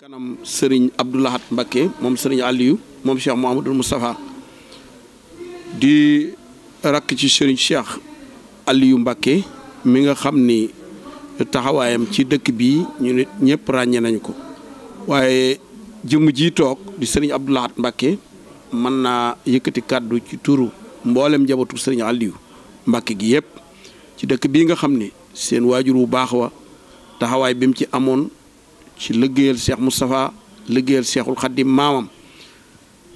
kanam Abdullah abdoulahat mbakke mom Aliu, aliyu mom cheikh mohamadul Mustafa di rak ci serigne cheikh aliou mbakke mi nga xamni taxawayam ci dekk bi ñu nit nañ ko waye jëm ji tok di sering Abdullah mbakke man na yëkëti kaddu ci turu mboolem jabatu serigne aliou mbakke gi yëpp ci dekk bi nga xamni seen wajuru bax wa taxaway bi mu ci amone ci liggéeyal Cheikh Moustapha liggéeyal seexul xaddi maamam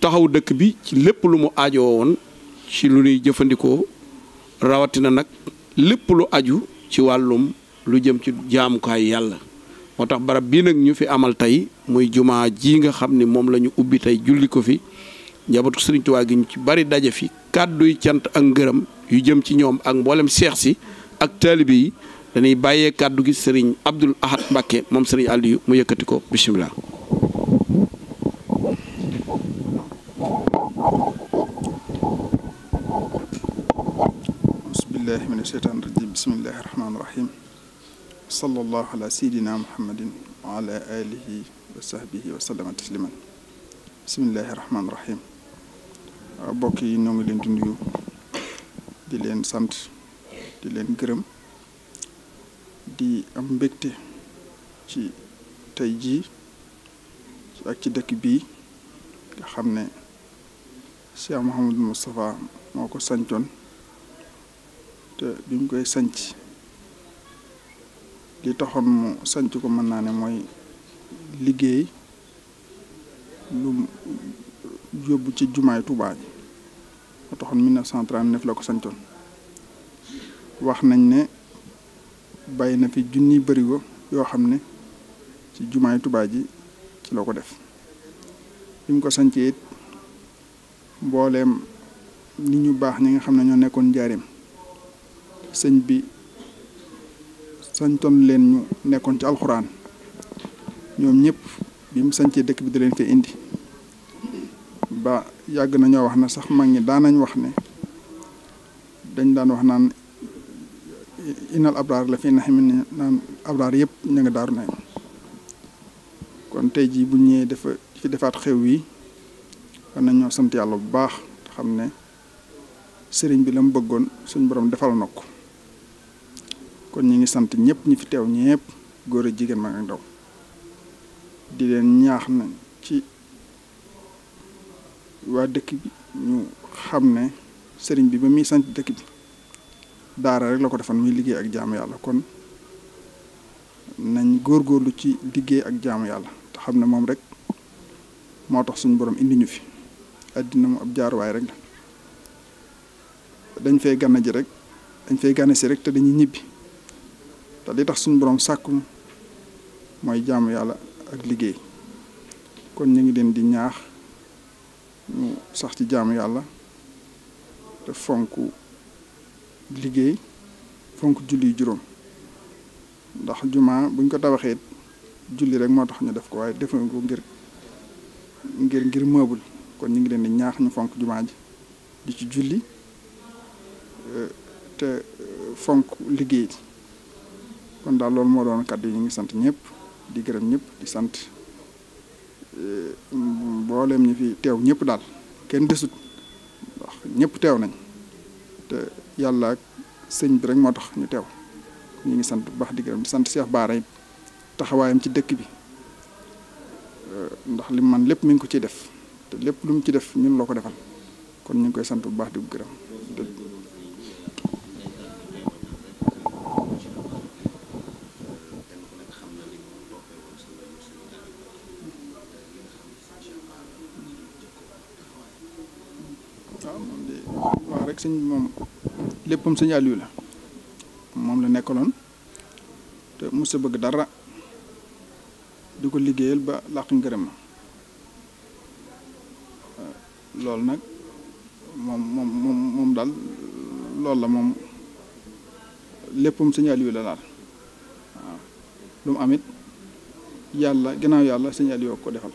taxaw dëkk bi ci lépp lu mu aajoo woon ci lu ñuy jëfandikoo rawatina nag lépp lu aju ci wàllum lu jëm ci jaamukaay yàlla moo tax barab bii nag ñu fi amal tey muy jumaa ji nga xam ni moom lañu ubbi tey julli ko fi njabootu Sëriñ Tuubaa gi ñu ci bari daje fi kàdduy cant ak ngërëm yu jëm ci ñoom ak mboolem seex si ak taalibe yi dañuy bàyyee kàddu gi sëriñ Abdul Ahad Mbàkke moom sëriñ Aliou mu yëkkati ko bisimilah. bismillahi mina sheytaan rajim bismillahi rahmaani rahim sallallahu ala sayidina muhammadin wa ala alihi wa sahbihi wa sallama tasliman bismillahi rahmaani rahim mbokk yi ñoo ngi leen di nuyu di leen sant di leen gërëm di am mbégte ci tey jii ak ci dëkk bii nga xam ne Cheikh Mouhamadou Moustapha moo ko sancoon te bi koy sañc li taxoon mu sanc ko mën naa ne mooy liggéey lu yóbbu ci jumaay Tuubaa ji moo taxoon 1939 la ko sancoon wax nañ ne bàyyi na fi junni bari go yo xamne ci jumaay tuba ji ci lako def bim ko sancee it mbollem ni ñu bax ñi nga xamne ne nekkon jarim señ bi santon leen ñu nekkon ci alquran ñom ñep bim mu dekk bi da fi indi ba na wax na sax mag ñi nañ wax ne dañ daan wax naan inal abrar la fi naxim ne nan abrar yep ñu nga daaru nañ kon tay ji bu ñëwee dafa fi defaat xew wi kon nañu sant yalla bu baax xamne sëriñ bi lam bëggoon suñu borom defal nako kon ñi ngi sant ñep ñi fi tew ñep goor jigen mag ak ndaw di len ñaax na ci wa dëkk bi ñu xamne sëriñ bi ba mi sant dëkk bi daara rek lako defal muy liggey ak jaamu yalla kon nañ lu ci liggey ak jaamu yalla ta xamne mom rek moo tax suñu borom indi ñu fi adina mu ab way rek dañ fay gànna ji rek dañ fay gànna ci rek te dañuy ñibbi ta li tax suñu borom sakku moy jaamu yalla ak liggey kon ñi ngi leen di ñaax ñu sax ci jaamu yalla te fonku liggéey fonk julli juróom ndax jumaa buñ ko tabaxee julli rek moo tax ñu def ko waaye defuñ ko ngir ngir ngir meuble kon ñu ngi leen di ñaax ñu fonk jumaa ji di ci julli euh, te euh, fonk liggéey kon daal loolu moo doon kàddu yi ñu ngi sant ñëpp di gërëm ñëpp di sant euh, mboolem ñi fi teew ñëpp daal kenn desut wax ñëpp teew nañ te yàlla ak sëñ bi rek moo tax ñu teew ñu ngi sant bu baax di gërëm di sant Cheikh Baara it taxawaayam ci dëkk bi euh, ndax li man lépp mi ngi ko ciy def te lépp lu mu ci def ñun loo ko defal kon ñu ngi koy sant bu baax di gërëm. waaw moom de rek sëñ moom léppam sëñ Aliou la moom la nekkaloon te mu sa bëgg dara di ko liggéeyal ba làq ngërëm loolu nag moom moom moom moom daal loolu la moom léppam sëñ Aliou la daal waaw lu mu amit yàlla gannaaw yàlla sëñaal Aliou ko defal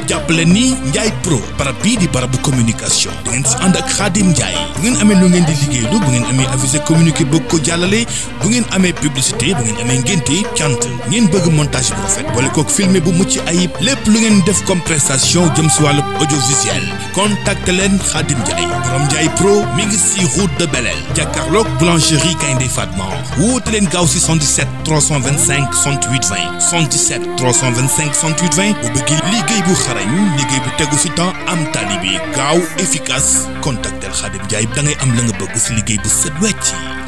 jàppale ni Ndiaye Pro barab bii di barabu communication di ngeen si ànd ak Xaadim Ndiaye bu ngeen amee lu ngeen di liggéeylu bu ngeen amee avisé communiqué bëgg ko jàllale bu ngeen amee publicité bu ngeen amee ngénte cant ngeen bëgg montage bu boole kook filmé bu mucc ayib lépp lu ngeen def comme prestation jëm si wàllu audiovisuel contacte leen Xaadim Ndiaye borom Ndiaye Pro mi ngi si route de Belel jàkkaarloog boulangerie Gaynde Fatma woote leen xarañ liggéey bu tegu si temps am tali bi gaaw efficace contactel Khadim Ndiaye da ngay am la nga bëgg si liggéey bu set wecc